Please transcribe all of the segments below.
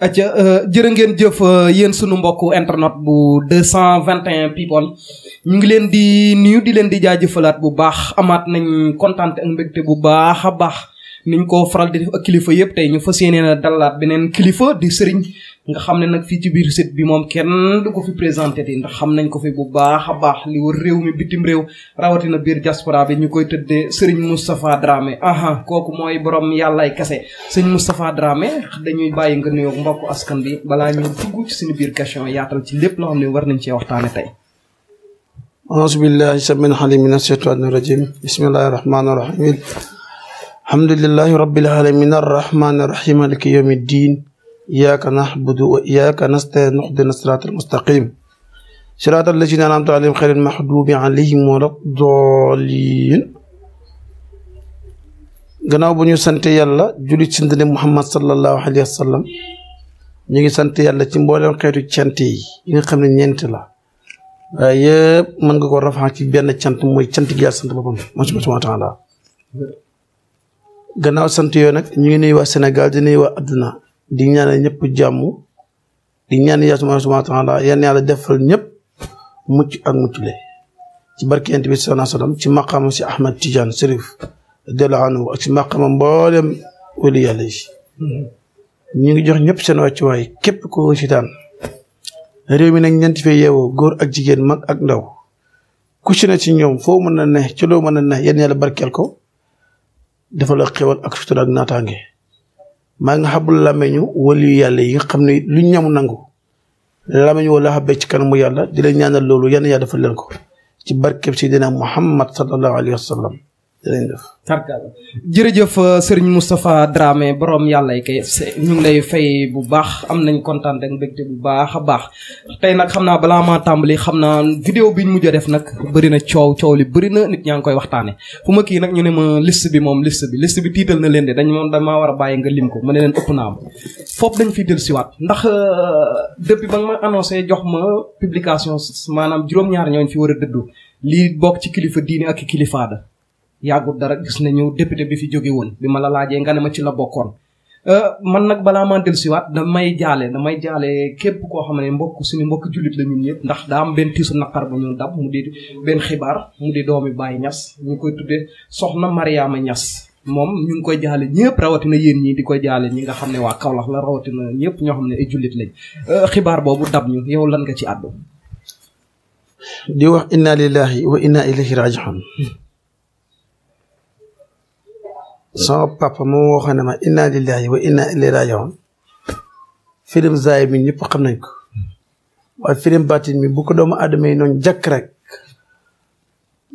aca euh, jërë ngeen jëf euh, yéen sunu mbokku internet bu 221 people ñu ngi leen di nuyu di leen di jaajëfalaat bu baax amaat nañ kontaan ak mbégte bu baax a baax niñ ko faral di def ak kilifa yëpp tey ñu fas yéene na dalaat beneen kilifa di sëriñ nga xam ne nag fii ci biir site bi moom kenn du ko fi présenté ti ndax xam nañ ko fi bu baax a baax li wër réew mi bitim réew rawatina biir diaspora bi ñu koy tëddee sëriñ Moustapha Dramé aha kooku mooy borom yàllaay kese sëñ Moustapha Dramé dañuy bàyyi nga nuyoog mbokku askan bi balaa ñu dugg ci suñu biir question yaatal ci lépp loo xam ne war nañ cee waxtaane tey auzu billahi samin xalim min asheytaani rajim alhamdulillahi rabbil alamin arrahmani arrahim maliki yawmi ddin iyyaka na'budu wa iyyaka nasta'in ihdina siratal mustaqim siratal lazina an'amta alayhim ghayril maghdubi alayhim waladdallin gannaaw bu ñu sant yàlla julli ci ndine Muhammad sallallahu alayhi wa sallam ñu ngi sant yàlla ci mboolem xeetu cant yi yi nga xam ne ñeent la waaye yëpp mën nga ko rafaa ci benn cant mooy cant gi yàlla sant boppam subhaanahu wa taala gannaaw sant yooyu nag ñu ngi nuyu waa Sénégal di nuyu waa adduna di ñaanal ñëpp jàmm di ñaan yàlla subhaanahu wa taala yan yàlla defal ñëpp mucc ak mucc le ci barke yonent bi sallallaahu alayhi wa sallam ci maqaama si Ahmad Tidiane Serif radiyallaahu anhu ak si mboolem wali yàlla yi ñu ngi jox ñëpp seen wàccuwaay képp ko sitaan réew mi nag ñeenti fee yeewoo góor ak jigéen mag ak ndaw ku ci ne ci ñoom foo mën na ne ci loo mën na ne yan yàlla barkeel ko dafa la xewal ak sutura ak naataange maa nga xabul làmmeñu waliyu yàlla yi xam ne lu ñam nangu làmmeñu wala xabbee ci kanamu yàlla di leen ñaanal loolu yan yaa defal leen ko ci barkeb Seydina Muhammad sallallahu alayhi wa sallam jërëjëf sëriñ euh, Moustapha Dramé borom yàlla yi kay ñu ngi lay bu baax am nañu kontaan ak mbégte bu baax a baax tey nag xam naa balaa maa tàmbali xam naa vidéo bi ñu mujj a def nag bëri na coow coow li bëri na nit ñaa ngi koy waxtaane fu ma kii nag ñu ne ma list bi moom list bi liste bi tiital na leen de dañ moom damaa war a bàyyi nga lim ko ma ne leen ëpp naa am foofu dañ fiy dellusiwaat ndax euh, depuis ba nga ma annoncé jox ma publication maanaam juróom-ñaar ñooñ fi war a dëddu lii bokk ci kilifa diine ak kilifaada yàggul dara gis nañu député bi fi jóge woon bi ma la laajee nga ne ma ci la bokkoon. Euh, man nag balaa maa dellusiwaat damay jaale damay jaale képp koo xam ne mbokk suñu mbokk jullit la ñun ndax daa am benn tiisu naqar bu ñu dab mu di benn xibaar mu di doomi Baye ñas ñu koy tuddee soxna Mariama ñas moom ñu ngi koy jaale ñëpp rawatina yéen ñi di koy jaale ñi nga xam ne waa Kaolack la rawatina ñëpp ñoo xam ne ay jullit lañ euh, xibaar boobu dab ñu yow lan nga ci àddu. di wax inna lillahi wa inna ilayhi rajiun sama papa moom waxoon ne ma inna lillahi wa inna ilayhi raji'un firim zaay bi ñëpp xam nañ ko waaye firim baatin mi bu ko doomu aadama yi noonu jàkk rek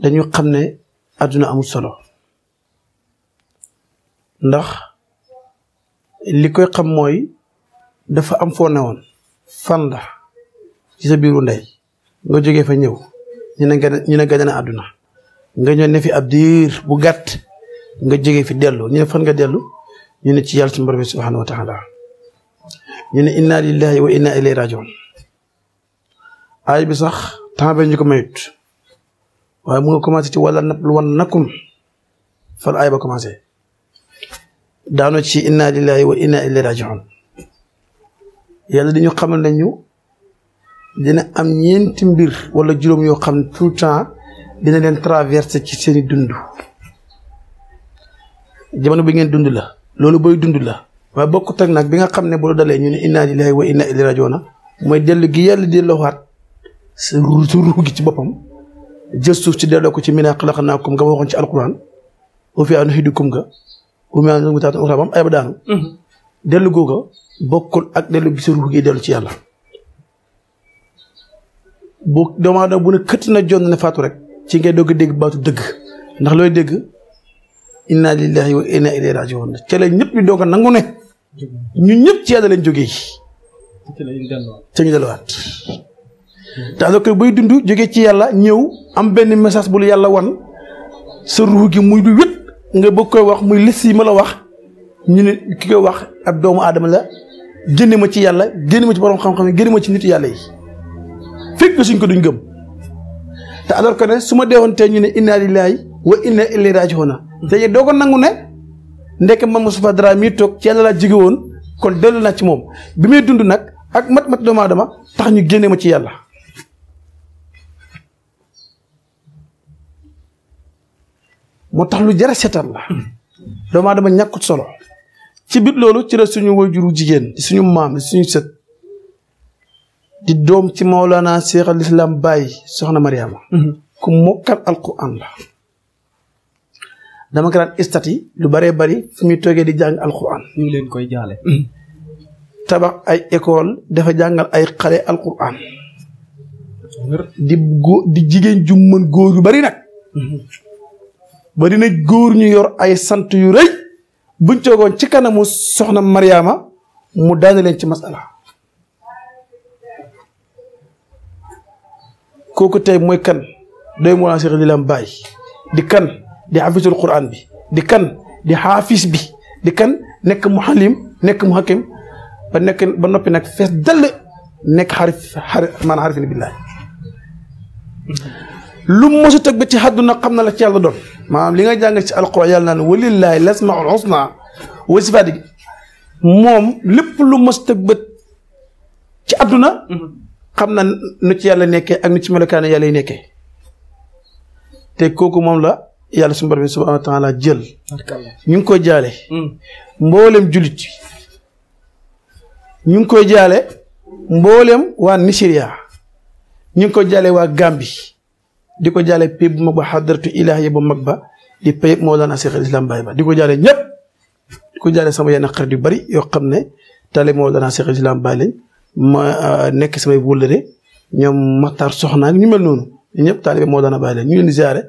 dañu xam ne àdduna amul solo ndax li koy xam mooy dafa am foo ne woon fan la ci sa biiru ndey nga jógee fa ñëw ñu ne gane ñu ne nga ñëw ne fi ab bu gàtt nga jóge fi dellu ñu ne fan nga dellu ñu ne ci yàlla suñu borom subhanahu wa taala ñu ne inna lillahi wa inna ilayhi rajiun aay bi sax temps ba ñu ko mayut waaye mu nga commencé ci walla napp lu wan nakum fan ay ba commencé daano ci inna lillahi wa inna ilayhi rajiun yàlla di ñu ne ñu dina am ñeenti mbir wala juróom yoo xam ne tout le temps dina leen traversé ci seeni dund jamono bi ngeen dund la loolu booy dund la waaye bokkut ak nag bi nga xam ne bu la dalee ñu ne inna lillahi wa inna ilayhi raji'un mooy dellu gi yàlla delloowaat sa ruu gi ci boppam jël suuf ci delloo ko ci minaa xalaqnaakum nga waxoon ci alquran wa fiihaa nu'iidukum nga wa minhaa muxrajakum uxraa ba am ayib daanu mm-hmm. dellu googa bokkul ak dellu gi sa ruu gi dellu ci yàlla bu doomu aadama bu ne këtt na jonn ne faatu rek ci ngay dogg dégg baatu dëgg ndax looy dégg inna lillahi wa inna ilayhi rajiun ñëpp di doog a nangu ne ñu ñëpp ci yàlla leen jógee ca ñu delluwaat te alors que bay dund jógee ci yàlla ñëw am benn message bu yàlla wan sa ruux gi muy du wét nga bëgg koy wax muy lis yi ma la wax ñu ne ki koy wax ab doomu aadama la génne ma ci yàlla génne ma ci borom xam-xam yi génne ma ci nit yàlla yi fekk suñ ko duñ gëm te alors que ne su ma deewoon tey ñu ne inna wa inna ilayhi raaji'uun te doo ko nangu ne ndeke man Moustapha Dramé mii toog ci yàlla laa jóge woon kon dellu naa ci moom bi may dund nag ak mat mat doomu aadama tax ñu génne ma ci yàlla. moo tax lu jar a seetal la doomu aadama ñàkkut solo ci biir loolu ci la suñu wajuru jigéen di suñu maam di suñu sët di doom ci Maolana Cheikh al Islam bàyyi soxna Mariama mm-hmm. ku mokkal alquran la. dama ko daan istat yi lu bëree bari fu muy toogee di jàng alquran. ñu ngi leen koy jaale. Hmm. tabax ay école dafa jàngal ay xale alquran. di góor di jigéen ju góor yu bari nag. Hmm. bëri na góor ñu yor ay sant yu rëy buñ toogoon ci kanamu soxna Mariama mu daane leen ci masala kooku tey mooy kan doy mu wàllu si di lam bàyyi di kan. di xafisul quran bi di kan di xaafis bi di kan nekk mu xalim nekk mu hakim ba nekk ba noppi nag fees dal nekk xarif xari maanaam xarifin billaah lu mosu teg ba ci àdduna xam na la ci yàlla doon maanaam li nga jàng ci alquran yàlla naan walillaahi lasmaul husna wa sifaati gi moom lépp lu mosu bët ci àdduna xam na nu ci yàlla nekkee ak nu ci melokaane yàlla yi nekkee te kooku moom la yàlla suma borom bi subhaanahu wa taala jël ñu ngi koy jaale mm. mboolem ñu ngi koy jaale mboolem waa Nigeria ñu ngi koy jaale waa Gambi di ko jaale pays bu mag ba xadratu ilaahiya bu mag ba di pays Mawlana a Islam Baye ba di ko jaale ñëpp di ko jaale sama yenn xarit yu bari yoo xam ne tale Mawlana Cheikh Islam Baye lañ ma euh, nekk samay wóllëre ñoom Matar Soxna ak ñu mel noonu ñëpp taalibe moo daana bàyyi leen ñu leen di ziare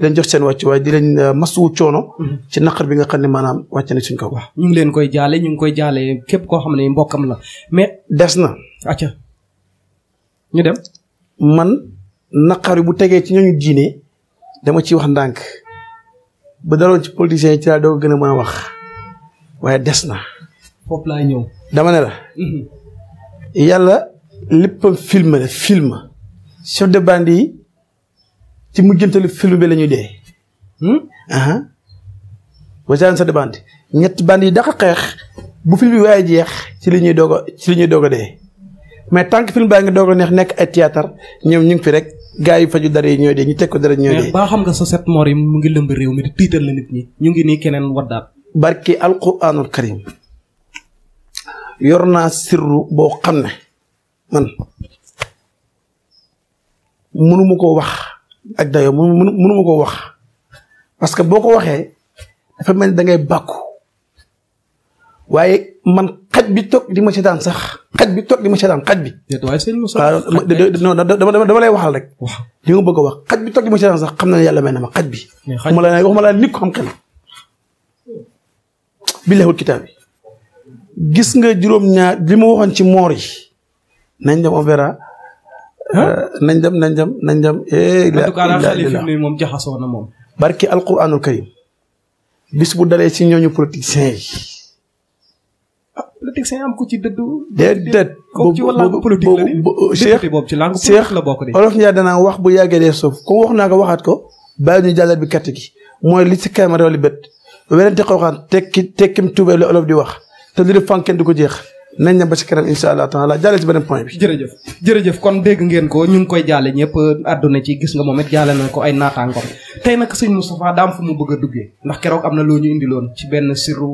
leen jox seen wàccu waaye di leen euh, masuwu coono mhm. ci naqar bi nga xam ne maanaam wàcc na suñ kaw waaw ñu ngi leen koy jaale ñu ngi koy jaale képp koo xam ne mbokkam la mais des na acca dem man naqar bu tegee ci ñooñu diine dama ciy wax ndànk ba daloon ci politiciens ci laa doo gën a mën a wax waaye des na foofu laay ñëw dama ne la mhm. yàlla léppam film la film chef de bande yi ci mujjantalu film bi la ñuy dee. Hmm? wasaan sa band ñetti band yi daqa xeex bu film bi waaye jeex ci li ñuy doog ci li ñuy doog a dee mais tant que film baa ngi doog a neex nekk ay théâtre ñoom ñu fi rek gars yi faju dara yi ñooy dee ñu teg ko dara ñooy dee. mais xam nga sa set moor yi mu ngi lëmb réew mi tiital la nit ñi ñu ngi nii keneen waddaat. barki alquranul karim yor naa sirru boo xam ne man mënu ma koo wax. ak dayoo mu mënu ma ko wax parce que boo ko waxee dafa mel ni da ngay bàkku waaye man xaj bi toog di ma seetaan sax xaj bi toog di ma seetaan xaj bi. waaye seen non dama lay waxal rek. li nga bëgg wax xaj bi toog ma seetaan sax xam na yàlla may na ma xaj bi. mais xaj bi la waxuma la nit ko xam xel. billaahi kitaab bi gis nga juróom-ñaar li ma waxoon ci moor nañ dem on Eh, nañ dem nañ dem nañ dem. Eh, en tout cas daal xale moom jaxasoo na moom. barki alquranul karim bis bu dalee si ñooñu politiciens yi. ah ci dëdd. déedéet boobu ci wàllu politique la ci langue politique la bokk de. Olof Ndiaye danaa wax bu yàggee dee suuf comme wax naa ko waxaat ko bàyyi ñu jàllale bi kàtt gi mooy li si kanam réew li bët. weneen te xooxaan tekki tekkim tuubee la olof di wax te li di fànkeen di ko jeex. nañ ne ba ci kanam incha allah taala jaale ci beneen point bi. jërëjëf jërëjëf kon dégg ngeen ko ñu ngi koy jaale ñëpp àdduna ci gis nga moom it jaale na ko ay naataangoom tey nag sëñ Moustapha daam fu mu bëgg a duggee ndax keroog am na loo ñu indiloon ci benn sirru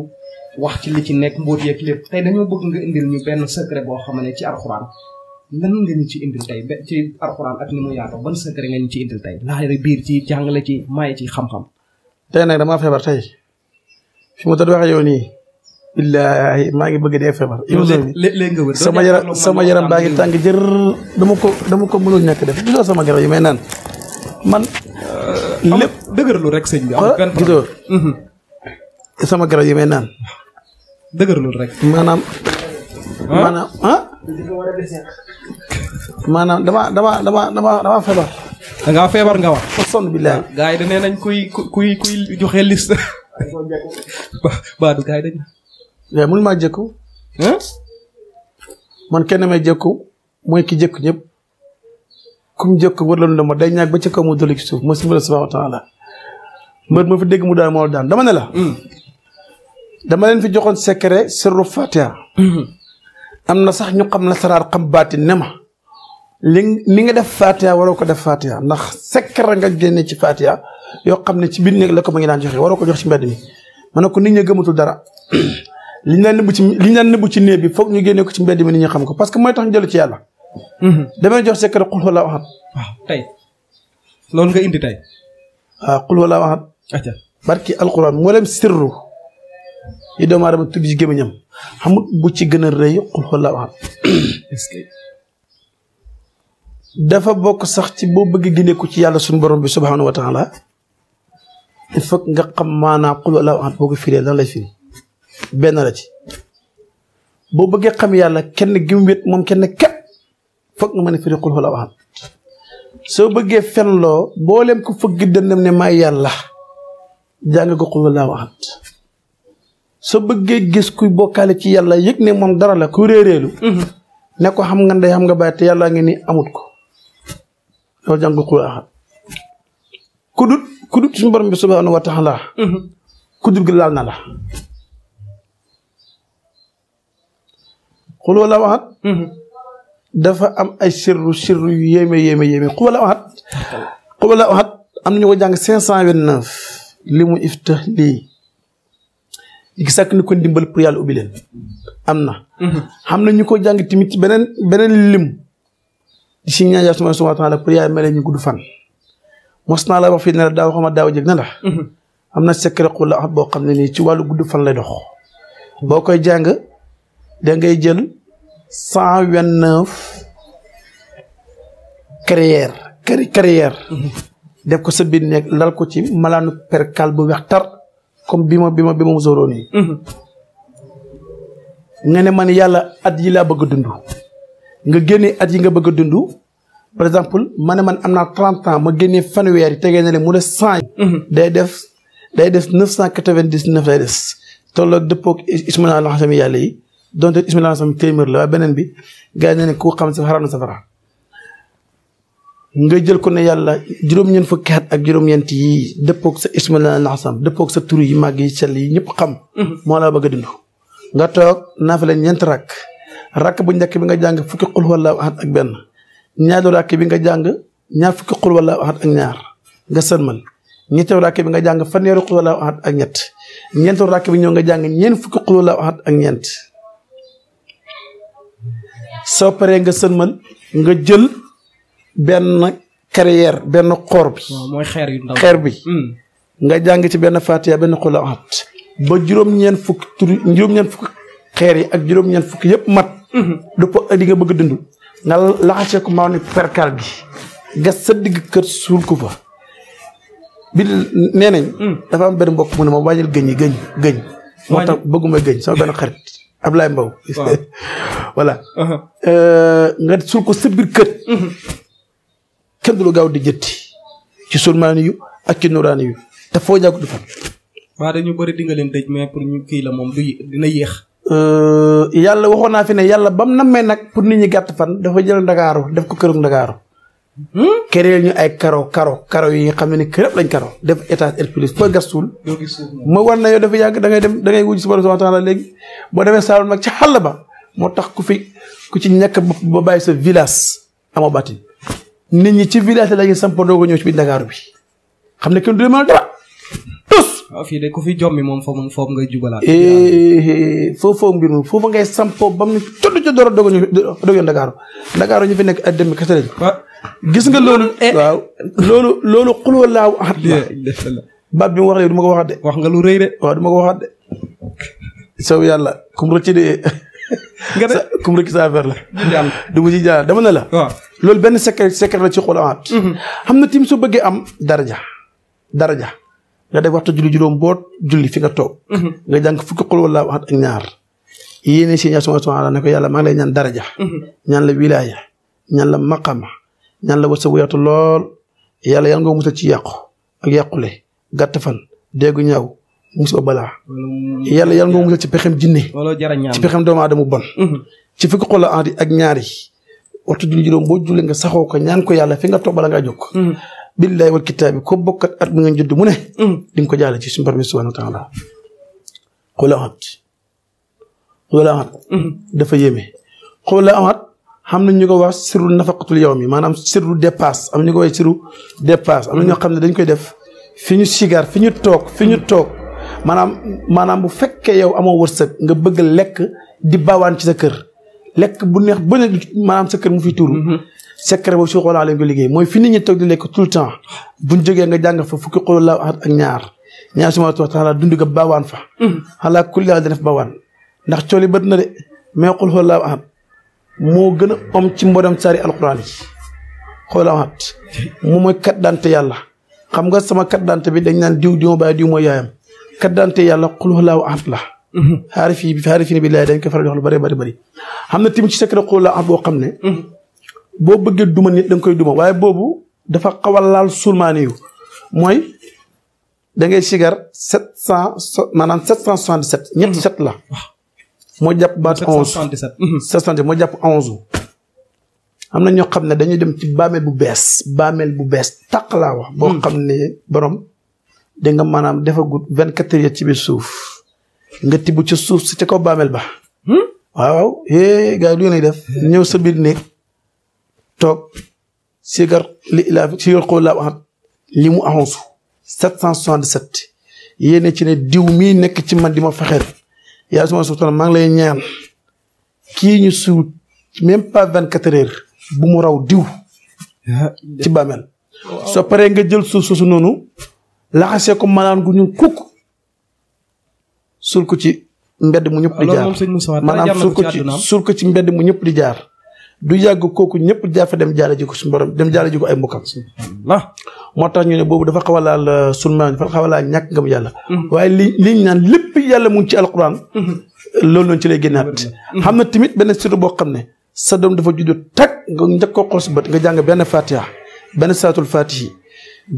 wax ci li ci nekk mbóot yeeg lépp tey dañoo bëgg nga ñu benn secret boo xam ne ci alxuraan lan nga ñu ci indil tey ci alxuraan ak ni mu yaatoo ban secret nga ñu ci indil tey laaj biir ci jàngale ci maye ci xam-xam. tey nag damaa feebar tey fi mu tëdd waxee yow billaahi maa ngi bëgg dee feebar. yow léegi nga sama yaram sama yaram baa ngi tàng jër dama ko dama ko mënul ñàkk def gisoo sama garab yi may naan man. Euh, lépp dëgërlu rek sëñ bi. amul gisoo mhm. sama garab yi may naan. dëgërlu rek. maanaam. maanaam dama dama dama dama dama feebar. da feebar nga wax. sonn billaahi. gars yi da nee kuy kuy joxe liste. baadu gars yi dañ. yaay eh, mun maa jëkku man kenn may jëkku mooy ki jëkku ñépp kum jëkku wërloon la ma day ñaag ba ca kaw mu dolli ci suuf mooy sumbala subhanahu wa taala mbër ma fi dégg mu daan moo daan dama ne la hmm. dama leen fi joxoon secret sirru fatiha hmm. am na sax ñu xam nasaraar xam baati ne ma li li nga def fatiha waroo ko def faatiya ndax secret nga génne ci fatiha yoo xam ne ci biir néeg la ko ma ngi daan joxee waroo ko jox ci mbedd mi ma ne ko nit ñi gëmatul dara li liñ daan nëbbu ci liñ daan nëbbu ci néeg bi foog ñu génne ko ci mbedd mi ni ñu xam ko parce que mooy tax ñu jëlu ci yàlla. Mhm. damay jox secret xul wala waxat. waaw tey loolu nga indi tey. waaw xul wala waxat. acca barki alquran moo leen sirru yi doomu ci gémmiñam xamut bu que. dafa bokk sax ci boo bëgg génne ko ci yàlla suñu borom bi subhaanahu wa taala il faut nga xam maanaa xul wala waxat boo ko firee lan lay benn la ci boo bëggee xam yàlla kenn gi mu moom kenn képp foog nga mën a firi xul xula waxam soo bëggee loo booleem ko fëgg dëndam ne may yàlla jàng ko xul xula waxam soo bëggee gis kuy bokkaale ci yàlla yëg ne moom dara la ku réeréelu mhm. ne xam nga ndey xam nga bàyyi te yàlla ngi ni amut ko loolu jàng ko xul axam kudut kudut suñu borom bi subhanahu wa taala mhm. kudut gi laal na la xuloo la waxat dafa am ay sirru sirru yu yéeme yéeme yéeme xuloo la waxat xuloo waxat am na ñu ko jàng cinq cent vingt neuf li mu iftah lii gi sàkk ni ko ndimbal pour yàlla ubbi leen am na xam mm-hmm. na ñu ko jàng tamit ci beneen beneen lim di si suma yàlla subhaanahu wa taala pour yàlla may leen ñu gudd fan mos naa laa wax fii ne la daaw xama daaw jëg na la mm-hmm. am na secret xuloo waxat boo xam ne nii ci wàllu gudd fan lay dox boo koy jàng da ngay jël cent vingt neuf carrière carrière def ko sa nekk lal ko ci malaanu perkal bu weex tar comme bi ma bi ma bi ma musóoroon yi mhm. nga ne man yàlla at yi laa bëgg a dund nga génnee at yi nga bëgg dundu dund par exemple ma ne man am naa trente ans ma génnee fanweer yi tegee na le mu ne cent mhm. day def day def neuf cent quatre-vingt-dix-neuf lay des tolloog dëppoog ismana la xam yàlla yi donte ismila sam téeméer la waaye beneen bi gars yi ne ku xam si xaraam na safara nga jël ko ne yàlla juróom-ñeent fukki at ak juróom-ñeent yi dëppoog sa ismila laxasam dëppoog sa tur yi màgg yi sell yi ñëpp xam mm-hmm. moo la bëgg a dund nga toog naafale ñeent rakk rakk bu njëkk bi nga jàng fukki xul wala waxat ak benn ñaaru rakk bi nga jàng ñaar fukki xul ñaar nga sërmal ñetteelu rakk bi nga jàng fanweeri xul wala waxat ak ñett ñeenteelu rakk bi ñëw nga jàng ñeent fukki xul wala waxat ak ñeent soo paree nga sëlmal nga jël benn carrière benn xoor bi. mooy xeer yu xeer bi. Hmm. nga jàng ci benn Fatiha benn xula at ba juróom-ñeent fukki tur juróom-ñeent fukki xeer yi ak juróom-ñeent fukki yëpp mat. Hmm. du ko di nga bëgg a dund. nga laxasee ko maaw ni perkal gi. nga sa digg kër suul ko fa. bi nee hmm. dafa am benn mbokk mu ne ma wàññil gëñ yi gëñ gëñ. moo tax bëgguma gëñ sama benn xarit. Ablaye Mbow. waaw voilà. Uh-huh. Euh, nga suul ko sa biir kër. Uh-huh. kenn du la gaaw di jëtti. ci sulmaani ak ci nuraani te foo ñàkk du fa. waa dañu bëri leen dëj mais pour ñu kii la moom dina yéex. Euh, yàlla waxoon yàlla bam nammee nag pour nit ñi gàtt fan dafa jël ndagaaru def ko këru ndagaaru. Hmm? kereel ñu ay karo karo karo yi nga xam ne ni kërëb lañ karo def étage air plus foo gas suul ma war na yow dafa yàgg dangay dem da ngay wujj subhanahu wa taala léegi boo demee saalum nag ci xàll ba moo tax ku fi ku ci ñàkk ba bàyyi sa village amoo bàttin nit ñi ci village la ñuy samp doog a ñëw ci biir Ndakaaru bi xam ne kenn du mën a dara tus waaw fii de ku fi jommi moom foofu foofu ngay jubalaat eh, eh, foofu mbir moom foofu ba mu tudd ci a a ñëw doog yoon nekk ay dem gis nga loolu. Eh. waaw loolu loolu xuloo laaw axat la. baat bi mu wax léegi du ma ko waxaat wax nga lu rëy de. waaw du ma ko waxaat de. sow yàlla kum rëcc de. nga ne kum la. du ci jaar dama ne la. lool loolu benn secret secret la ci xuloo axat. Mhm. xam na tim su bëggee am daraja daraja nga def waxtu julli juróom boo julli fi nga toog. Mhm. nga jàng fukki xuloo laaw axat ak ñaar. yéene si ñaar subhaanahu wa taala ne ko yàlla maa ngi lay ñaan daraja. Mhm. ñaan la wilaaya ñaan la maqama ñaan la wërsëg wu yaatu lool yàlla yal nga musal ci yàqu ak yàqule gàtt fan déggu ñaaw musiba balaa yàlla yal nga musal ci pexem jinne ci pexem doomu aadama bon mhm. ci fukki xol la andi ak ñaari waxtu julli juróom boo jullee nga saxoo ko ñaan ko yàlla fi nga toog bala ngaa jóg mhm. billahi wal kitaabi ko bokkat at mu ngeen judd mu ne mhm. di nga ko jaale ci suñu borom subhanahu wa taala xoola amat xoola amat dafa yéeme xoola amat xam na ñu ko wax sirru nafaqatul yow mi maanaam sirru dépasse am na ñu ko wax sirru dépasse am na ñoo xam ne dañ koy def fi ñu sigar fi ñu toog fi ñu toog maanaam maanaam bu fekkee yow amoo wërsëg nga bëgg lekk di baawaan ci sa kër lekk bu neex bu ne maanaam sa kër mu fi tuur mm-hmm. secret boobu si xoolaa lañ ko liggéey mooy fi nit ñi toog di lekk tout le temps buñ jógee nga jàng fa fukki xolu laa ak ñaar ñaar suma wax taala dund nga baawaan fa xalaa mm-hmm. kulli dana def baawaan ndax cooli bët na de mais xul xool laa moo gën a om ci mboolem saari alxuraan yi xoolaat moom mooy kat dante yàlla xam nga sama kat dante bi dañ naan diw diw ma bàyyi diw mooy yaayam kat dante yàlla xululaaw ahad la mhm. xaarif yi xaarif yi bi laay dañ ko faral di wax lu xam na tim ci secret xululaaw ahad boo xam ne mhm. boo bëggee duma nit da koy duma waaye boobu dafa xawal laal sulmaani yu mooy da ngay sigar sept cent maanaam sept cent soixante-sept mhm. set la moo jàpp baat onze 777. 777 mhm. moo jàpp onze. am na ñoo xam ne dañuy dem ci baameel bu bees baameel bu bees tàq laa wax. boo mhm. xam ne borom da nga maanaam defagut vingt quatre ci biir suuf nga tibb ci suuf si ca kaw baameel ba. Hmm? waaw eh gars yi lu ñuy def. ñëw sa biir néeg toog sigar li ilaa si yor xaw laa waxat li mu onze. 777 yéen ci ne diw mii nekk ci man di ma fexeel. yaa suma subhana maa ngi lay ñaan kii ñu suul même pas vingt quatre heures bu mu raw diw ci bàmmeel soo paree nga jël suuf soosu noonu laxasee ko malaan gu ñun kukk suul ko ci mbedd mu ñëpp di jaar maanaam suul ko ci suul mbedd mu ñëpp di jaar du yàgg kooku ñëpp jaar fa dem jaar ji ko suñu borom dem jaale ji ko ay mbokkam moo tax ñu ne boobu dafa xaw a laal euh, sunu maam dafa xaw a ñàkk ngëm yàlla. Mm-hmm. waaye li li ñu naan lépp yàlla mu ngi ci alquran. Mm-hmm. loolu noonu ci lay génnaat. xam mm-hmm. na tamit benn surtout boo xam ne sa doom dafa judd tag nga njëkk koo xool si bët nga jàng benn fatiha benn saatul fatihi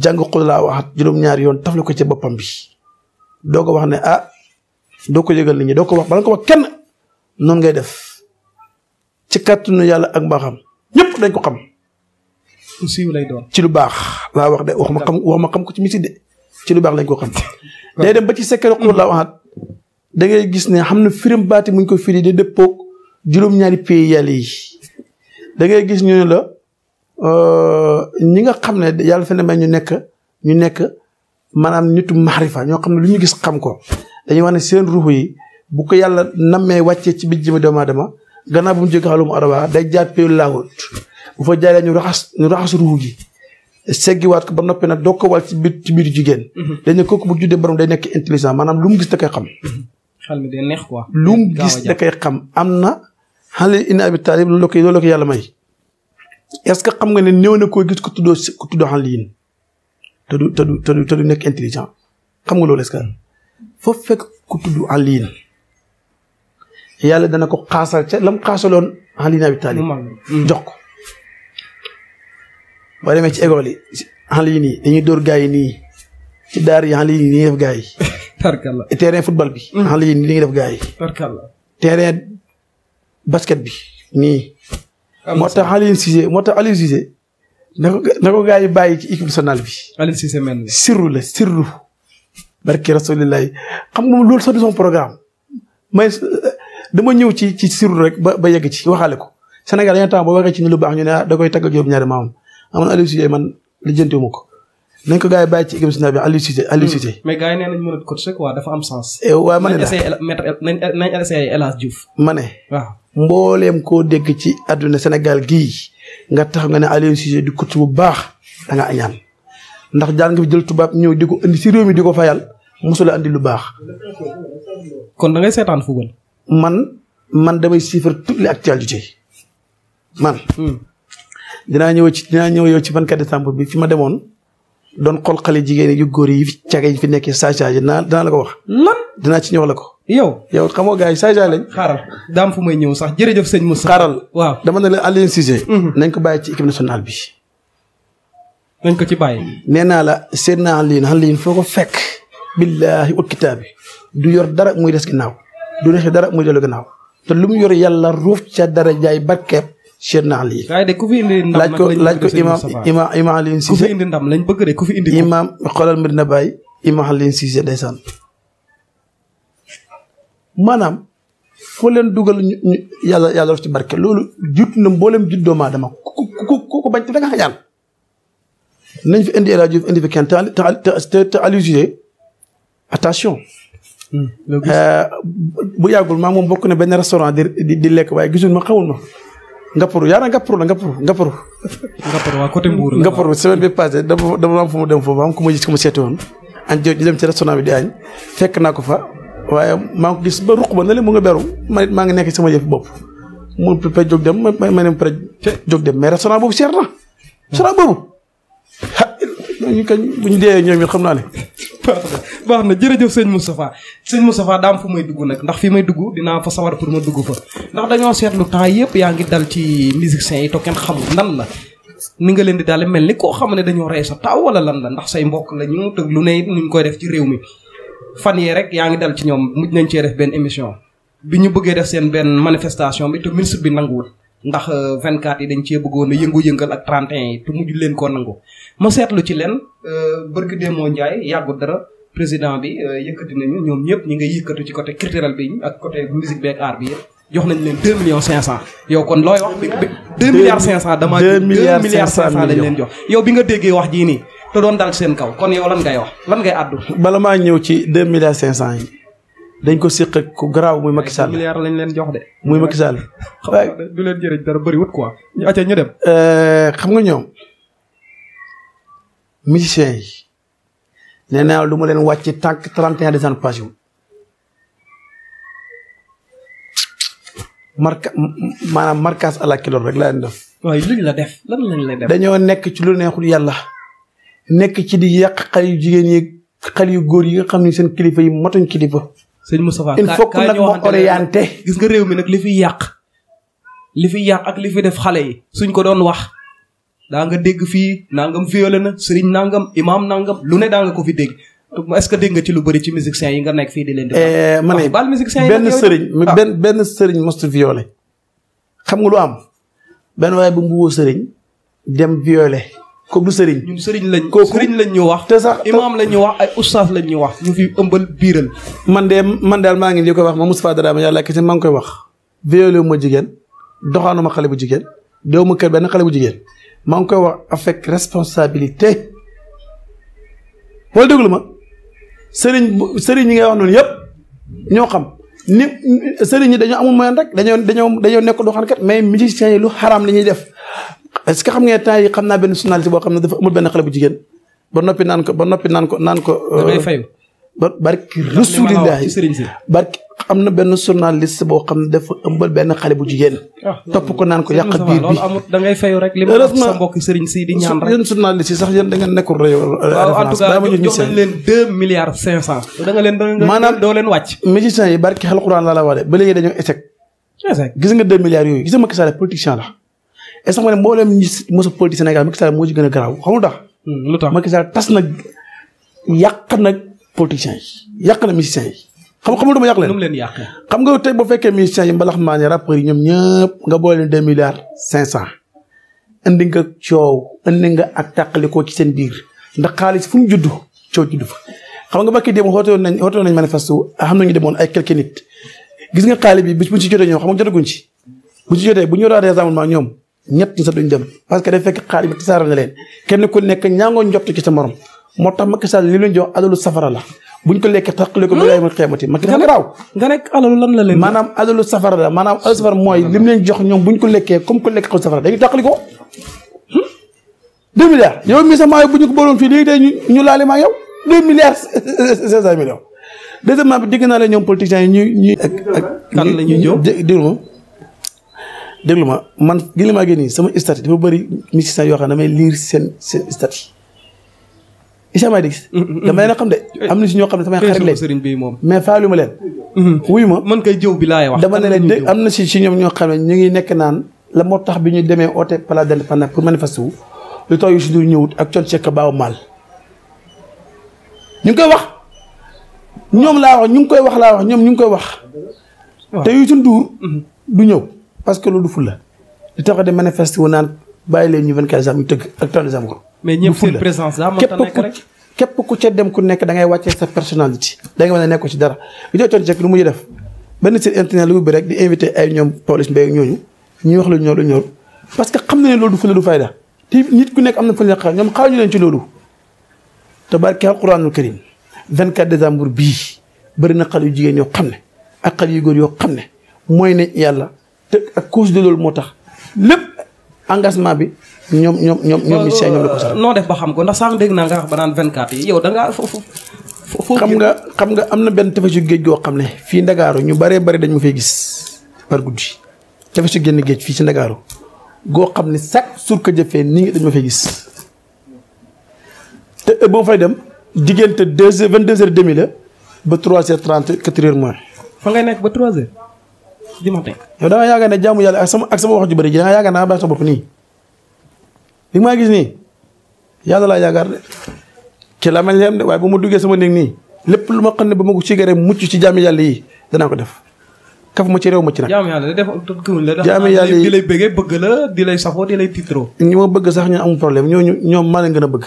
jàng xul laa wax juróom-ñaari yoon la ko ci boppam bi doo ko wax ne ah doo ko yëgal nit ñi doo ko wax bala ko wax kenn noonu ngay def ci kàttanu yàlla ak mbaaxam ñëpp dañ ko xam. lu siiw ci lu baax laa wax de wax ma xam wax ma xam ko ci misid de ci lu baax lañ ko xam. day dem ba ci secret xur laa waxaat da ngay gis ne xam na firim baati muñ ko firi di dëppoog juróom-ñaari pays yàlla yi da ngay gis ñu ne la euh, ñi nga xam ne yàlla fi ne may ñu nekk ñu nekk maanaam nitu maxrifa ñoo xam ne lu ñu gis xam ko dañuy wax ne seen ruux yi bu ko yàlla nammee wàccee ci biir jëmi doomu aadama gannaaw bu mu jóg xalum arawaa day jaar pays laawut bu fa jaaree ñu raxas ñu raxas ruux gi seggiwaat ko ba noppi nag doo ko wal ci biir ci biiru jigéen. Mhm. dañ ne kooku bu juddee borom day nekk intelligent maanaam lu mu gis da koy xam. Mhm. neex quoi. lu mu gis da koy xam am na. xale ina abi taalib loolu la ko yàlla may. est-ce que xam nga ne néew na koo gis ku tuddoo ku tuddoo xale te du te du te du nekk intelligent xam nga loolu est-ce foofu fekk ku tudd xale yi yàlla dana ko xaasal ca la mu xaasaloon xale ina abi taalib mm. jox ko. boo demee ci école yi en ligne yi dañuy dóor gars yi nii ci daar yi en ligne yi mm. dañuy def gars yi. tarkalla terrain bi. en ligne yi dañuy def gaa yi. tarkalla basket bi nii. moo tax Aliou Cissé moo tax Aliou Cissé na ko na ko yi bàyyi ci équipe nationale bi. Aliou Cissé mel ni sirru la sirru. barke rasulillahi xam nga loolu sax du son programme mais euh, dama ñëw ci ci sirru rek ba ba yegg ci waxaale ko Sénégal dañoo tax ba waxee ci ni lu baax ñu ne ah, da koy tagg juróom-ñaari maam. amoon Aliou man lijjantiwu ma ko nañ ko gars yi bàyyi ci équipe nationale bi Aliou Cissé Aliou Cissé. Hmm. mais gars yi nee nañ mën a am sens. Eh, waaw ma ne la nañ essayé El Hadj ma ne. waaw mbooleem koo dégg ci àdduna Sénégal gii nga tax nga ne Aliou di coach bu baax da nga añaan ndax jël tubaab ñëw di ko si réew mi di ko fayal mosula andi lu baax. kon da ngay seetaan football. man man damay siifar toutes les actualités man. Hmm. dinaa ñëw ci dinaa ñëw yow ci 24 décembre bi fi ma demoon doon xool xale jigéen yu góor yi fi cage yi fi nekkee saay-saay yi dinaa dinaa la ko wax. lan dinaa ci ñëw la ko. yow yow xamoo gars yi saay-saay lañ. xaaral daam fu may ñëw sax jërëjëf sëñ Moussa. xaaral waaw dama ne la Aliou Cissé. Mhm. nañ ko bàyyi ci équipe nationale bi. nañ ko ci bàyyi. nee naa la seet naa Aliou Aliou foo ko fekk. billaahi ut kitaab bi du yor dara muy des ginnaaw du def dara muy dellu ginnaaw te lu mu yor yàlla ruuf ca dara jaay barkeeb Cheikh Naxal yi. waaye de laaj ko laaj ko imaam imaam imaam Alioune Cissé. ku fi indi ndam lañ bëgg de ku fi indi. imaam xoolal Medina Baye maanaam foo leen dugal ñu ñu yàlla yàlla ci barke loolu jut na mboolem juddoo doom dama ku ku ku ku bañ te da nga nañ fi indi El Hadj Diouf indi fi kenn te te te attention. Hmm, euh, bu yàggul maa moom bokk na benn restaurant di di lekk waaye gisul ma xawul ma. Ngaparou yaa na Ngaparou la Ngaparou Ngaparou. Ngaparou nga côté Mbour la Ngaparou semaine bi passée dama dama mu dem foofu am ku ma gis ku ma seeti añ jë dem ci restaurant bi di añ fekk naa ko fa waaye maa ngi gis ba ruq ba ne la mu nga beru ma maa ngi nekk sama yëf bopp. mu pe jog dem ma ma ne ma pare jóg dem mais restaurant boobu cher na. restaurant boobu ah ñu kañ bu ñu dee ñoom it xam naa ne. baax na jërëjëf sëñ Moustapha sëñ Moustapha daam fu may dugg nag ndax fi may dugg dinaa fa sawar pour ma dugg fa ndax dañoo seetlu temps yëpp yaa ngi dal ci musiciens yi to kenn xamul nan la ni nga leen di daale mel ni koo xam ne dañoo rey sa taaw wala lan la ndax say mbokk la ñu tëg lu ne it nuñ koy def ci réew mi fan yee rek yaa ngi dal ci ñoom mujj nañ cee def benn émission bi ñu bëggee def seen benn manifestation bi te ministre bi nanguwul ndax 24 euh, yi dañ cee bëggoon a yëngu-yëngal ak 31 yi te mujj leen koo nangu ma seetlu ci leen euh, bërki moo Njaay yàggu dara président bi euh, yëkkati nañu ñoom ñëpp ñi nga yëkkatu ci côté culturel bi ak côté musique beeg art bi jox nañ leen deux millions cinq cent yow kon looy wax bi deux milliards cent dama deux milliards cinq cent lañ leen jox yow bi nga déggee wax jii nii te doon dal seen kaw kon yow lan ngay wax lan ngay àddu bala maa ñëw ci deux milliards cinq cent yi dañ ko séq ak ku garaaw muy Macky Sall milliards lañ leen jox de muy Macky Sall waaye du leen jëriñ dara bëriwut quoi acca ñu dem euh, xam nga ñoom nee naa lu ma leen wàcc tànk 31 décembre passé wu. marka maanaam markaas ala rek laa leen def. waaye luñ la def lan lañ la def. dañoo nekk ci lu neexul yàlla nekk ci di yàq xale yu jigéen yi xale yu góor yi nga xam ni seen kilifa yi matuñ kilifa. sëñ Moustapha il faut que nag ma orienté. gis nga réew mi nag li fi yàq li fi yàq ak li fi def xale yi. suñ ko doon wax. daa nga dégg fii nangam violé na sëriñ nangam imaam nangam lu ne daa nga ko fi dégg est-ce que dégg nga ci lu bëri ci musiciens yi nga nekk fii di leen di. Eh, ma ne benn sëriñ ah. benn benn sëriñ most violé xam nga lu am benn waaye bu mbuwoo sëriñ dem violé ko du sëriñ. ñun sëriñ lañ kooku sëriñ lañ ñu wax. te sax imaam lañ ñu wax ay ustaas lañ ñu wax ñu fi ëmbal biiral. man de man daal maa ngi li koy wax ma Moustapha Dramé yàlla kese maa ngi koy wax. violé wu ma jigéen doxaanu ma xale bu jigéen deewu ma benn xale bu jigéen maa ngi koy wax avec responsabilité wala déglu ma sëriñ sëriñ ñi ngay wax noonu yëpp ñoo xam ni sëriñ ñi dañoo amul moyen rek dañoo dañoo dañoo nekk doxaankat mais musiciens yi lu xaram la ñuy def est-ce que xam ngeen temps yi xam naa benn personnalité boo xam ne dafa amul benn xale bu jigéen ba noppi naan ko ba noppi naan ko naan ko. da ngay euh, fay ba barki rasulillahi barki am na benn journaliste boo xam ne dafa ëmbal benn xale bu jigéen. Ah, topp ko naan ko yàq biir bi da ngay fayu rek li ma wax sa mbokk sëriñ si di ñaan rek yéen journaliste yi sax yéen da ngeen nekkul réew. waaw leen deux milliards cinq cent. da nga leen maanaam doo leen wàcc. musiciens yi barki xel Quraan laa la wax de ba léegi dañoo échec. gis nga deux milliards yooyu gis nga Macky Sall politicien la. est ce que ma ne mbooleem ñi mosa moo ci a garaaw xamul tax. Hmm, lu tas na yàq na politiciens yi yàq na musiciens yi xam xamul dama yàq leen xam nga tey boo fekkee musiciens yi mbalax maa ne rappeurs yi ñoom ñëpp nga boole leen deux milliards cinq cent indi nga coow indi nga ak tàqalikoo ci seen biir ndax xaalis fu mu judd coow judd fa xam nga bakki démb xoote woon nañ xoote woon nañ manifeste xam nañu demoon ay quelques nit gis nga xaalis bi bis buñ si jotee ñoom xam nga jotaguñ ci buñ si jotee bu ñu war a rassemblement ñoom ñett ñi sax duñ dem parce que day fekk xaalis bi tasaare na leen kenn ku nekk ñaangoo njott ci sa morom moo tax Macky Sall li luñ jox alalu safara la buñ ko lekkee tax ko ba ma xeebati ma gën a garaaw nga nekk alalu lan la leen maanaam alalu safara la maanaam alalu safara mooy lim leen jox ñoom buñ ko lekkee comme ko lekk xaw safara dañuy tàqali ko hmm? deux yow mi sa maayo bu ñu ko boloon fii léegi tey ñu laale maa yow deux milliards cinq cent millions bi dégg naa la ñoom politiciens yi ñuy ñuy ak ak la ñuy ñëw déglu ma man gi li maa génn nii sama statut dafa bëri musicien yoo xam ne damay lire seen seen statut Issa may gis. dama leen xam de am na si ñoo xam ne samay xarit lañ sëriñ bi moom mais faalu ma leen. Mm-hmm. wuy ma man kay jëw bi laay wax. dama ne leen de na ñoom ñoo xam ne ñu ngi nekk naan la moo tax bi ñu demee oote place de l'Indépendance pour manifester wu lu tax yu si dul ñëwut ak con sekk baaw maal ñu ngi koy wax ñoom laa wax ñu ngi koy wax laa wax ñoom ñu ngi koy wax. te yu si mm-hmm. du ñëw parce que loolu du fulla li tax a dem naan bàyyi leen ñu 24 ans ñu tëgg ak 30 ans ko mais ñëpp seen présence daa mënta nekk képp ku ca dem ku nekk da ngay wàccee sa personnalité. da ngay mën a nekk ci dara li ñu doon cek lu mu def benn site internet lu ubbi rek di invité ay ñoom Pawlish Mbaye ak ñooñu ñuy wax lu ñor lu ñor parce que xam na ne loolu du fulla du fayda te nit ku nekk am na fu ñu xaar ñoom xaaruñu leen ci loolu. te barke alquranul karim 24 décembre bii bari na xal yu jigéen yoo xam ne ak xale yu góor yoo xam ne mooy ne yàlla te ak cause de loolu moo tax lépp engagement bi ñoom ñoom ñoom ñoom musiciens ñoom la ko sax. noo def ba xam ko ndax sànq dégg naa nga wax ba naan 24 yi yow da ngaa foofu. xam nga xam nga am na benn tefesu géej goo xam ne fii Ndakaaru ñu baree bari dañ ma fay gis par guddi su génn géej fii ci Ndakaaru goo xam ne chaque jour que jëfee nii ngi dañ ma fay gis te boo fay dem diggante deux heures vingt deux heures demi ba trois heures trente quatre heures moins. fa ngay nekk ba trois du matin. yow da nga yaakaar ne jaamu yàlla ak sama ak sama wax ju bëri ji da nga yaakaar ne baax bopp nii li maa gis nii yàlla laa yaakaar de ci la mel ne waaye bu ma duggee sama néeg nii lépp lu ma xam ne ba ma ko cigaree mucc ci jaami yàlla yi danaa ko def. kaf ma ci réew ma ci nag. jaami yàlla def jaami yàlla yi di lay bëggee bëgg la di lay safoo di lay titroo. ñi ma bëgg sax ñu amul problème ñooñu ñoom maa leen gën a bëgg.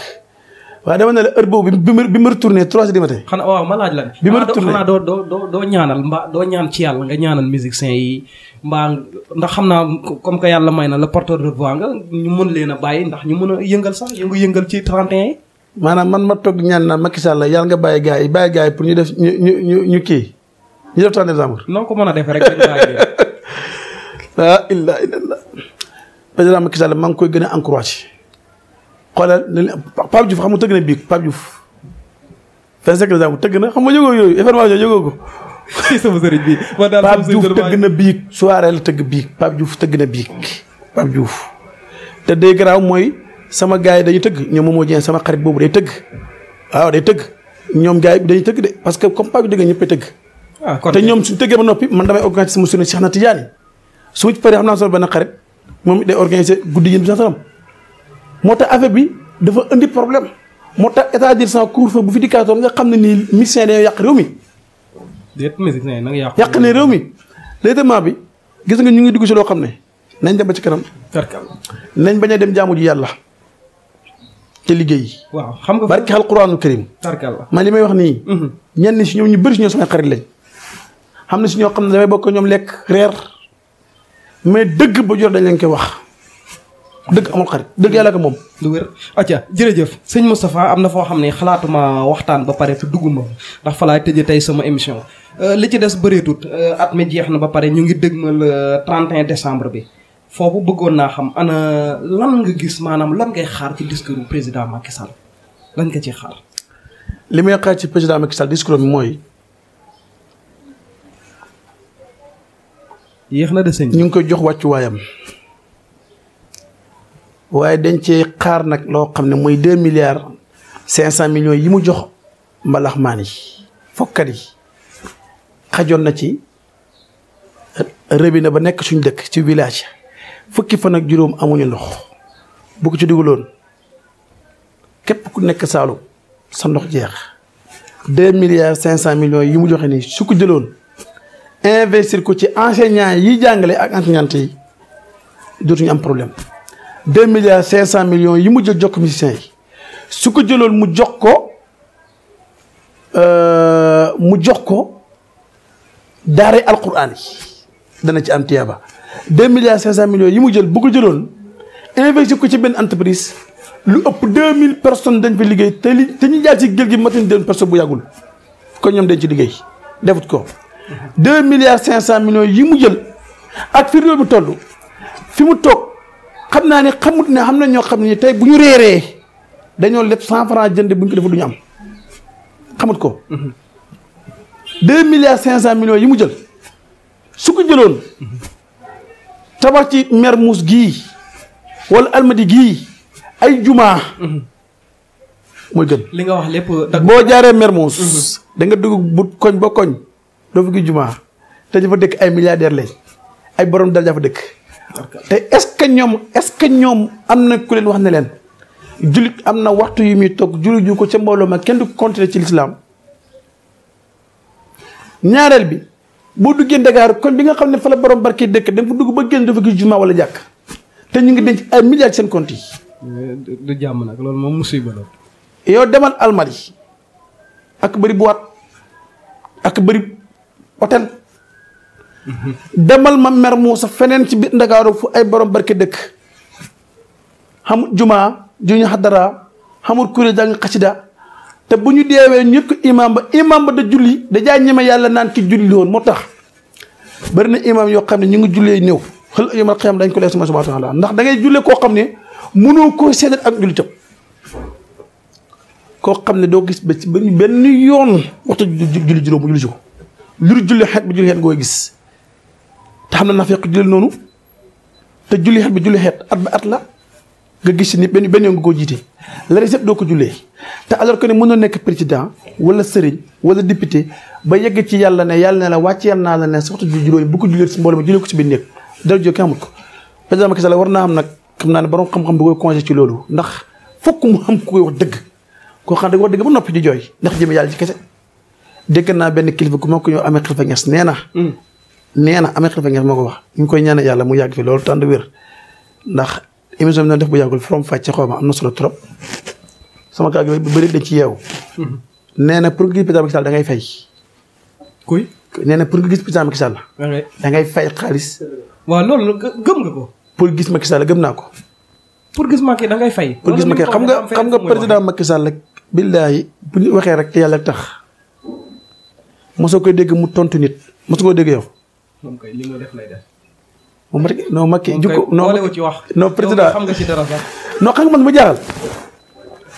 waaye dama ne la heure boobu bi ma bi ma retourné trois heures du matin. xanaa waaw ma laaj la. bi ma retourné doo doo doo ñaanal mbaa doo ñaan ci yàlla nga ñaanal musiciens yi mbaa ndax xam naa comme que yàlla may na la porteur de voix nga ñu mën leen a bàyyi ndax ñu mën a yëngal sax yëngu-yëngal ci 31 yi. maanaam man ma toog ñaan naa Macky Sall yàlla nga bàyyi gars yi bàyyi gars yi pour ñu def ñu ñu ñu ñu kii ñu def 30 noo ko mën a defee rek maa ngi koy gën a encouragé xoolal li Pape Diouf xam nga tëgg na biig Pape Diouf. vingt cinq ans tëgg na xam nga yëgoo yooyu information yëgoo ko. sama sëriñ bi man daal Pape Diouf tëgg na biig soirée la tëgg biig Pape Diouf tëgg na biig Pape te day garaaw mooy sama gars yi dañuy tëgg ñoom Momo Dieng sama xarit boobu day tëgg waaw day tëgg ñoom gars yi dañuy tëgg de parce que comme Pape Diouf dëgg tëgg. ah te ñoom suñ tëggee ba noppi man damay organiser sama suñu Cheikh na Tidiane su ma ci paree xam naa sama benn xarit moom it day organiser guddi yéen bi moo tax affaire bi dafa indi problème moo tax état d'urgence couvre-feu bu fi dikkaatoon nga xam ne nii musiciens dañoo yàq réew mi. déet nag yàq. yàq ne réew mi léegi bi gis nga ñu ngi dugg si loo xam ne nañ dem ba ci kanam. nañ bañ a dem jaamu ji yàlla te liggéey. waaw xam nga barki alquraanul karim. man li may wax nii. Mhm. ñenn si ñoom ñu bëri si ñoom samay xarit lañ. xam ne si ñoo xam ne damay bokk ñoom lekk reer mais dëgg ba jor dañ leen koy wax. dëgg amul xarit dëgg yàlla ko moom. lu wér acca jërëjëf sëñ Moustapha am na foo xam ni xalaatuma waxtaan ba pare te dugguma ndax fa laay tëjee tey sama émission. Euh, li ci des bëreetut euh, at mi jeex na ba pare ñu ngi dëgg dëgmal 31 euh, décembre bi foofu bëggoon naa xam ana lan nga gis maanaam lan ngay xaar ci discours président Macky Sall lan ko ci xaar. li may xaar ci président Macky Sall discours bi mooy. yéex na des sëñ ñu ngi koy jox wàccuwaayam. waaye dañ cee xaar nag loo xam ne mooy deux milliards cinq cent millions yi mu jox mbalaxmaan yi fokkat yi xajoon na ci rëbi na ba nekk suñ dëkk ci village fukki fan ak juróom amuñu ndox bu ko ci dugaloon képp ku nekk Saalum sa ndox jeex deux milliards cinq cent millions yi mu joxe nii su ko jëloon investir ko ci enseignants yi jàngale ak enseignantes yi dootuñu am problème deux milliards cinq cent millions yi mu jël jox musiciens yi su ko jëloon mu jox ko euh, mu jox ko daaray alquran yi dana ci am tiyaaba deux milliards cinq cent millions yi mu jël bu ko jëloon investi ko ci benn entreprise lu ëpp deux mille personnes dañ fa liggéey te li te ñu jaar ci géej gi matin deux personnes bu yàggul kon ñoom dañ ci liggéey defut ko deux milliards cinq cent millions yi mu jël ak fi réew mi toll fi mu toog xam naa ne xamut ne xam na ñoo xam ne tey bu ñu reeree dañoo leb cent jënd bu ñu ko defee am xamut ko. deux milliards cinq cent millions yi mu jël su ko jëloon tabax ci Mermoz gii wala Almadi gii ay jumaa mooy gën. li nga wax lépp boo jaaree Mermoz. Mhm. da nga dugg koñ ba koñ doo fi jumaa te dafa dëkk ay milliardaires lañ ay borom dara dafa dëkk. te est-ce que ñoom est-ce que ñoom am na ku leen wax ne leen jullit am na waxtu yu muy toog jullit ju ko ca mbooloo ma kenn du continuer ci lislaam ñaareel bi boo duggee Dakar kon bi nga xam ne fa la borom barke dëkk da nga fa dugg ba génn dafa gis jumaa wala jàkk te ñu ngi denc ay milliards seen compte yi. Eh, du loolu moom musiba la. yow demal almari ak bëri boîte ak bëri hôtel. demal ma mer muusa feneen ci biir ndakaaru fu ay borom barke dëkk xamul jumaa ju ñu xadara xamul kuréel jàng xasida te bu ñu deewee ñëpp ko imaam ba imaam ba da julli yàlla naan ki julli moo tax bari na imaam yoo xam ne ñu ngi jullee néew xël yomal xiyam dañ ko leer sama subhanahu wa ndax da ngay koo xam ne mënoo koo seetal ak jullitam koo xam ne doo gis ba ci benn yoon waxtu julli lu julli xeet bu julli xeet ngooy gis te xam na nafeq jullit noonu te julli xet bi julli xeet at ba at la nga gis ni benn benn yoon nga ko jiite la des doo ko jullee te alors que mën na nekk président wala sëriñ wala député ba yegg ci yàlla ne yàlla ne la naa la ne sa waxtu ju juróomi bu ko ko si biir néeg dara jóge amul ko war naa am nag xam naa ne borom xam-xam koy congé loolu ndax fokk mu ku koy wax koo xam ne wax dëgg ba noppi di jooy ndax jëme yàlla ci kese dégg naa benn kilifa ku ma ko ñoo amee xalifa ñes nee na hmm. nee na amee xalifa ngees moo ko wax ñu ngi koy ñaanal yàlla mu yàgg fi loolu ndax émission def bu yàggul from fàcce xaw ma am na trop sama kaa gi bëri dañ ci yeewu. Mm-hmm. nee na pour nga gis président da ngay fay. kuy nee pour nga gis président Macky ah ngay fay xaalis. waaw loolu pour gis Macky Sall gëm naa ko. pour gis Macky da ngay fay. pour gis xam nga xam nga président Macky Sall rek. billaahi bu ñu waxee rek te yàlla tax mosoo koy dégg mu tontu nit mosoo koy dégg yow. moom kay li nga def lay wax. non président xam nga ci dara man ma jaaxal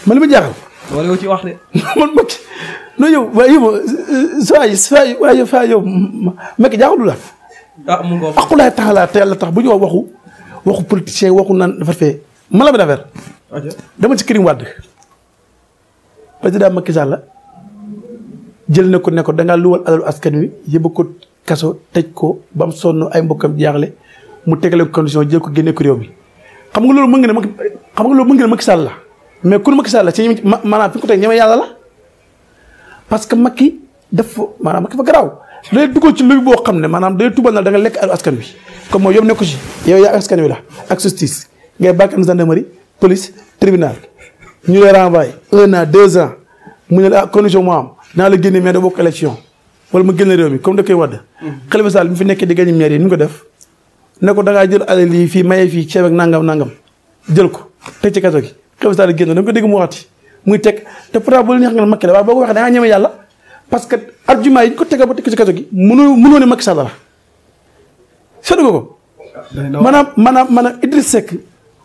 man li ma jaaxal. boolewoo ci wax de. man Macky non yow taxalaat te yàlla tax bu ñu wax waxu waxu politicien waxu naan dafa fee ma la ma dama ci Karim Wade. président Macky Sall jël na ko ne ko da ngaa luwal alalu askan wi yëpp ko. kaso tëj ko ba mu sonn ay mbokkam jaaxle mu tegale condition jël ko génne ko bi xam nga loolu mën nga ne xam nga loolu mën nga ne Macky la mais ku Macky Sall la ci maanaam fi ko yàlla parce que Macky def maanaam Macky fa garaaw day dugg ci luy boo xam ne maanaam day tubal na da nga lekk alu askan wi comme mooy yow nekku ci yow yaa askan wi la ak justice ngay bàkk am gendarmerie police tribunal ñu lay renvoyé un an mu ne la ah, condition moo am naa la génne mais da bokk élection wala mu génn réew mi comme da koy wadd Khalifa Sall mi fi nekkee di gagné maire yi ni ko def ne ko jël alal yi fii maye fii ceeb ak nangam nangam jël ko teg ci kaso gi Khalifa Sall génn dama ko dégg mu waxati muy teg te pourtant bu la neex nga boo waxee da ngaa ñeme yàlla que argument yi ñu ko tegal ba teg ci kaso gi mënoo mënoo ne Macky Sall la seetlu ko maanaam maanaam maanaam Idriss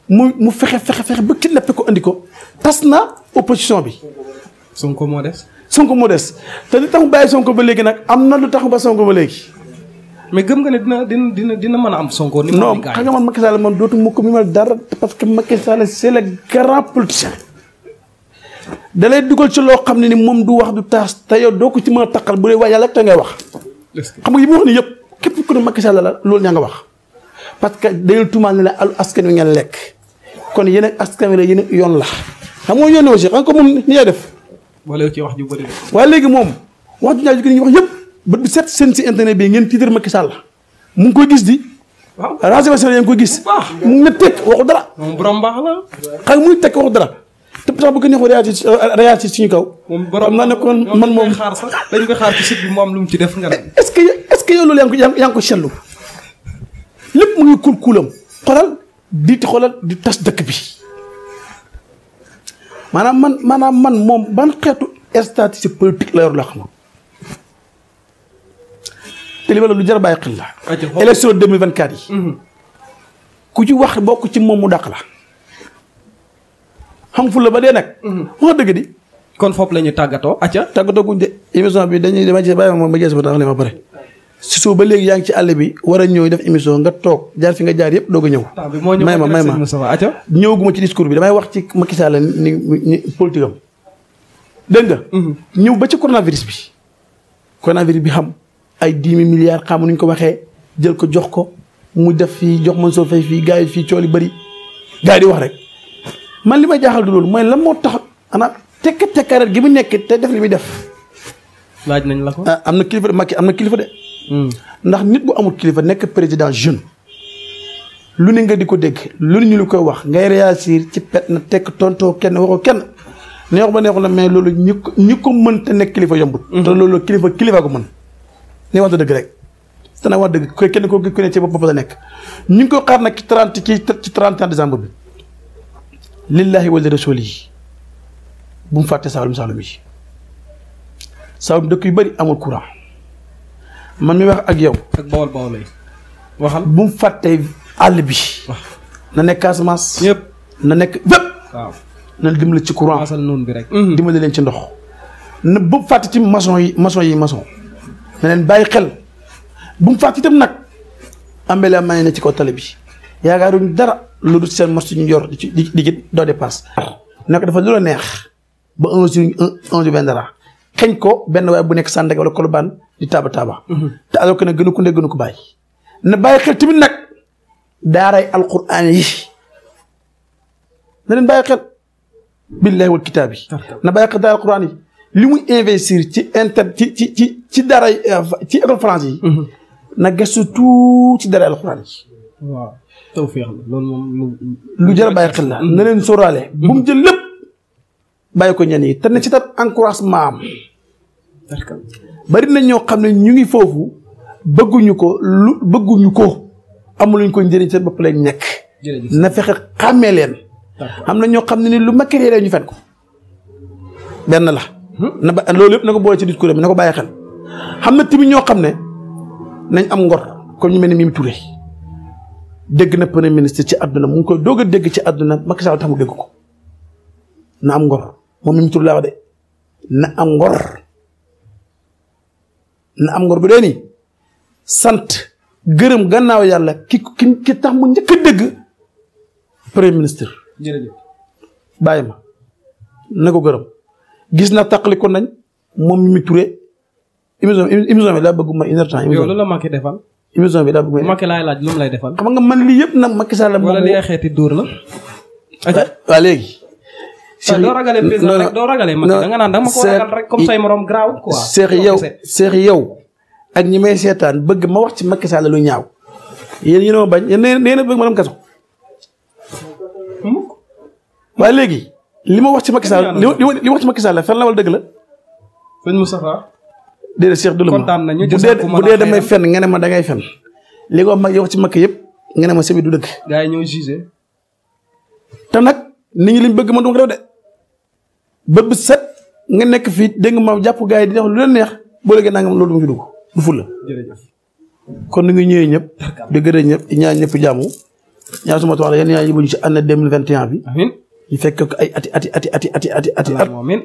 mu mu fexe fexe fexe ba kidnappé ko andi ko tas na opposition bi. Sonko Sonko moo des te li tax mu bàyyi Sonko ba léegi nag am na lu tax ba Sonko ba léegi. mais gëm nga ne dina dina dina dina mën a am Sonko. ni non xam nga man Macky Sall man dootu mu ko mi ma dara parce que Macky Sall c'est le grand politicien. da ci loo xam ne ni moom du wax du taas te yow doo ko ci a taqal bu dee waa yàlla te ngay wax. xam nga yi yëpp képp ku ne Macky loolu ñaa nga wax. parce que dañu tuumaal ne la alu askan wi ngeen lekk kon yéen ak askan wi la yoon la xam nga yoon aussi xam nga ko moom ni def. wala ci wax ju bëri léegi moom wax ju ñaaw ji ngi wax yëpp bët bi set seen si internet bi ngeen tiitar Macky Sall mu ngi koy gis di waaw a Sénégal yaa ngi koy gis mu ngi ne teg waxu dara moom borom baax la xam muy teg waxu dara te sax bu ko neexoo réagir suñu kaw xam naa ne kon man moom xaar sax dañ xaar ci site bi mu lu mu ci def nga eh, est ce que est ce que yow loolu yaa ngi ko seetlu lépp mu ngi kuul kuulam xolal di xoolal di tas dëkk bi maanaam man maanaam man moom ban xeetu statistique politique la yor loo xam te li ma la lu jar bàyyi xel la. élection 2024 yi. Mhm. ku ci wax bokk ci moom mu dàq la. xam fu la ba dee nag. Mhm. wax dëgg di. kon foofu la ñu tàggatoo. acca tàggatoo guñ de émission bi dañuy dama ci bàyyi ma ma jeex ba tax ma pare. si suuf ba léegi yaa ngi ci àll bi war a ñëw def émission nga toog jaar fi nga jaar yëpp doog a ñëw. may ma may ma ñëw gu ma ci discours bi damay wax ci Macky Sall ni ni politique am. dégg nga. Mhm. ñëw ba ci coronavirus bi. coronavirus bi xam ay dix mille milliards xamu nuñ ko waxee jël ko jox ko mu def fii jox man soo fay fii gars yi fii cool yi bëri gars di wax rek. man li may jaaxal du loolu mooy lan moo tax ana tekk tekkaaral gi mu nekk te def li muy def. laaj nañ la ko. Ah, am na kilifa de Macky am na kilifa de. ndax nit bu amul kilifa nekk président jeune. lu ne nga di ko dégg lu ne ñu li koy wax ngay réagir ci pet na tekk tontoo kenn waxoo kenn neex ba neexul la mais loolu ñi ko mën te nekk kilifa yombut. Mhm. te loolu kilifa kilifa ko mën. ni wax dëgg rek. te nag wax dëgg ku kenn ko ku ne ci boppam la nekk ñu ngi ko xaar nag ci trente ci ci trente et un décembre bi. lillahi wala rasuli yi bu mu fàtte Saalum Saalum yi Saalum dëkk yu bëri amul courant. man mi wax ak yow. ak bawol bawol yi bu mu fàttee àll bi. na nekk Casamance. ñëpp na nekk bépp. waaw na dimbali ci courant. asal noonu bi rek. Mhm. dimbali leen ci ndox. na bu mu fàtte ci maçon yi maçon yi maçon. na leen bàyyi xel. bu mu fàtte itam nag. ambela may na ci kaw tali bi. yaakaaruñ dara loolu dul seen mos ñu yor di ci di di doo dépasse. nekk dafa lu la neex. ba un jour un benn dara. xeñ ko benn waay bu nekk Sandaga wala Colobane. di taaba taaba. Mhm. te alors que nag gënu ko ndey gënu ko bàyyi. na bàyyi xel tamit nag daaray alquran yi na leen bàyyi xel. billahi wal kitaab na bàyyi xel daaray alquran yi li muy investir ci inter ci ci ci ci euh, ci école France yi. Mhm. na gestu tuuti ci daaray alquran yi. waaw lu jar a bàyyi xel la. Mhm. na leen sóoraale. bu jël lépp bàyyi ko ñenn yi te na ci tam encouragement am. bari na ñoo xam ne ñu ngi foofu bëgguñu ko lu bëgguñu ko amul amuluñ ko njëriñ seen bopp lañ nekk. na fexe xàmmee leen. am na ñoo xam ne ni lu matériel ñu fen ko benn la. Hmm? na ba loolu yëpp na ko boole ci nit ku mi na ko bàyyi xel xam na timit ñoo xam ne nañ am ngor kon ñu mel ni Mimi Touré dégg na premier ministre ci àdduna mu ngi koy doog dégg ci àdduna Macky Sall tax mu dégg ko na am ngor moom Mimi Touré laa wax de na am ngor. na am ngor gu dee nii sant gërëm gannaaw yàlla ki ki ki tax mu njëkk a premier ministre. jërëjëf bàyyi ma na ko gërëm gis na taqali ko nañ moom mi turé émission émission bi laa bëgg ma une heure temps. yow loolu la Macky defal. laa ma Macky laay laaj lu mu lay defal. xam nga man lii yëpp nag Macky Sall. moom wala li ay xeeti dóor la. waa léegi. Cheikh doo ragalee président rek doo ragalee Macky da nga naan rek comme say morom graaw quoi. Cheikh yow seex yow ak ñi may seetaan bëgg ma wax ci Macky Sall lu ñaaw yéen yi ne ma bañ yéen nee na bëgg ma li ma wax ci Macky Sall li ma wax ci Macky Sall fen la wala dëgg la. sëñ Moustapha. déedéet Cheikh du la ma kontaan nañu bu dee nga ne ma dangay fen li nga wax ci makk yëpp nga ne ma sëbi du dëgg. gars yi ñoo jugé. nag nit ñi liñ bëgg ma du ma ko def de. bët bu set nga nekk fii dégg nga ma jàpp gars yi di wax lu leen neex boo léegi nangam loolu mu ci dugg du fula. kon ni ngi ñëwee ñëpp. di gërëm ñëpp di ñaan ñëpp jàmm. ñaan suma tool yéen ñaa yóbbu ñu ci année deux mille vingt et bi. amiin ñu fekk ko ay ati ati ati ati ati at. amiin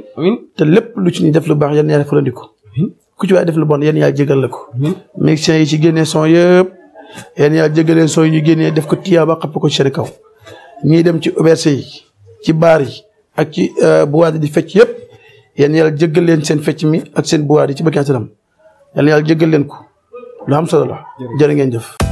lépp lu ci ñuy def lu baax yéen ñaa def ku ci waaye def lu bon yéen ñaa jégal la ko. médecins yi ci génnee son yëpp. yéen ñaa jégaleen son yi ñu génnee def ko tiyaaba xapp ko ci seen kaw ñii dem ci auberge yi ci baar yi ak ci euh, buwaadi di fecc yëpp yéen yàlla jéggal leen seen fecc mi ak seen buwaadi ci bëgg a ci dam yàlla yàlla jéggal leen ko lu am solo la jërë ngeen jëf